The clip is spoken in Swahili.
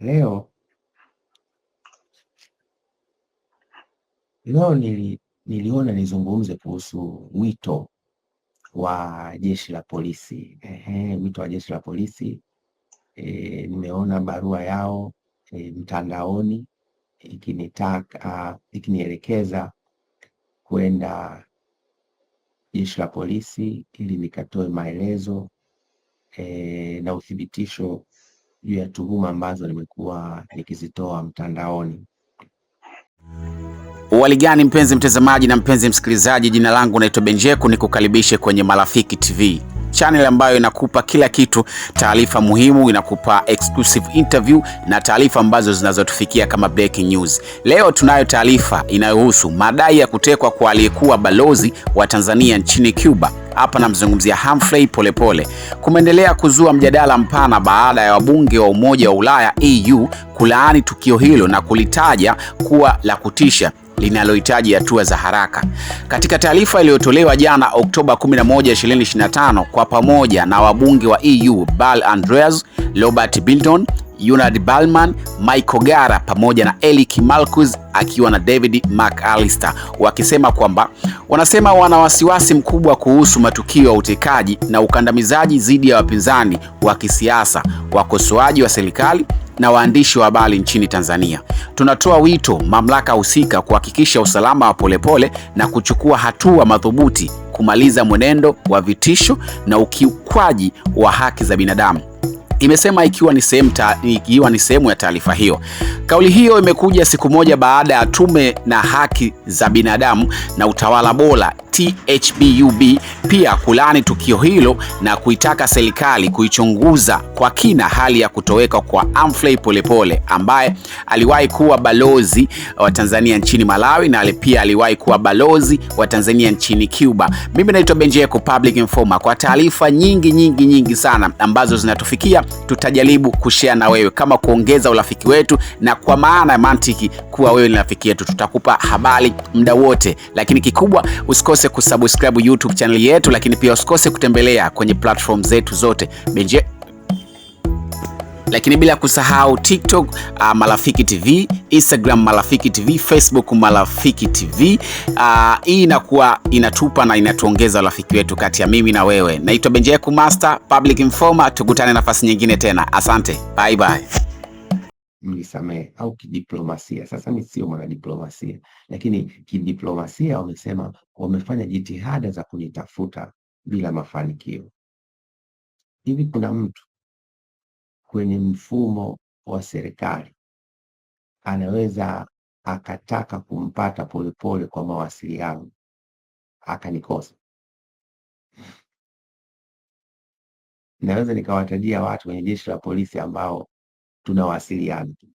Leo leo nili, niliona nizungumze kuhusu wito wa jeshi la polisi. Ehe, wito wa jeshi la polisi e, nimeona barua yao e, mtandaoni ikinitaka ikinielekeza kwenda jeshi la polisi ili nikatoe maelezo e, na uthibitisho juu ya tuhuma ambazo nimekuwa nikizitoa mtandaoni. Uwali gani mpenzi mtazamaji na mpenzi msikilizaji, jina langu naitwa Benjeku, nikukaribishe kwenye Marafiki TV channel ambayo inakupa kila kitu, taarifa muhimu, inakupa exclusive interview na taarifa ambazo zinazotufikia kama breaking news. Leo tunayo taarifa inayohusu madai ya kutekwa kwa aliyekuwa balozi wa Tanzania nchini Cuba. Hapa namzungumzia Humphrey Polepole. Kumeendelea kuzua mjadala mpana baada ya wabunge wa Umoja wa Ulaya EU kulaani tukio hilo na kulitaja kuwa la kutisha, linalohitaji hatua za haraka. Katika taarifa iliyotolewa jana Oktoba 11, 2025 kwa pamoja na wabunge wa EU Bal Andreas, Robert Bilton, Leonard Balman, Michael Gara pamoja na Elik Malkus akiwa na David McAllister wakisema kwamba wanasema wana wasiwasi mkubwa kuhusu matukio ya utekaji na ukandamizaji dhidi ya wapinzani wa kisiasa, wakosoaji wa serikali na waandishi wa habari nchini Tanzania. Tunatoa wito mamlaka husika kuhakikisha usalama wa Polepole na kuchukua hatua madhubuti kumaliza mwenendo wa vitisho na ukiukwaji wa haki za binadamu imesema ikiwa ni sehemu ikiwa ni sehemu ya taarifa hiyo. Kauli hiyo imekuja siku moja baada ya tume na haki za binadamu na utawala bora THBUB pia kulani tukio hilo na kuitaka serikali kuichunguza kwa kina hali ya kutoweka kwa Humphrey Polepole ambaye aliwahi kuwa balozi wa Tanzania nchini Malawi na pia aliwahi kuwa balozi wa Tanzania nchini Cuba. Mimi naitwa Benjeko Public Informer. Kwa taarifa nyingi nyingi nyingi sana ambazo zinatufikia tutajaribu kushare na wewe kama kuongeza urafiki wetu, na kwa maana ya mantiki kuwa wewe ni rafiki yetu, tutakupa habari muda wote. Lakini kikubwa usikose kusubscribe YouTube channel yetu, lakini pia usikose kutembelea kwenye platform zetu zote Benje lakini bila kusahau TikTok uh, Malafiki TV, Instagram Malafiki TV, Facebook Malafiki TV. Uh, hii inakuwa inatupa na inatuongeza urafiki wetu kati ya mimi na wewe. Naitwa Benjeku Master Public Informer, tukutane nafasi nyingine tena. Asante, bye bye. Mnisamehe au kidiplomasia, sasa mi sio mwanadiplomasia, lakini kidiplomasia wamesema wamefanya jitihada za kunitafuta bila mafanikio. Hivi kuna mtu kwenye mfumo wa serikali, anaweza akataka kumpata Polepole kwa mawasiliano akanikosa. Naweza nikawatajia watu kwenye jeshi la polisi ambao tunawasiliana tu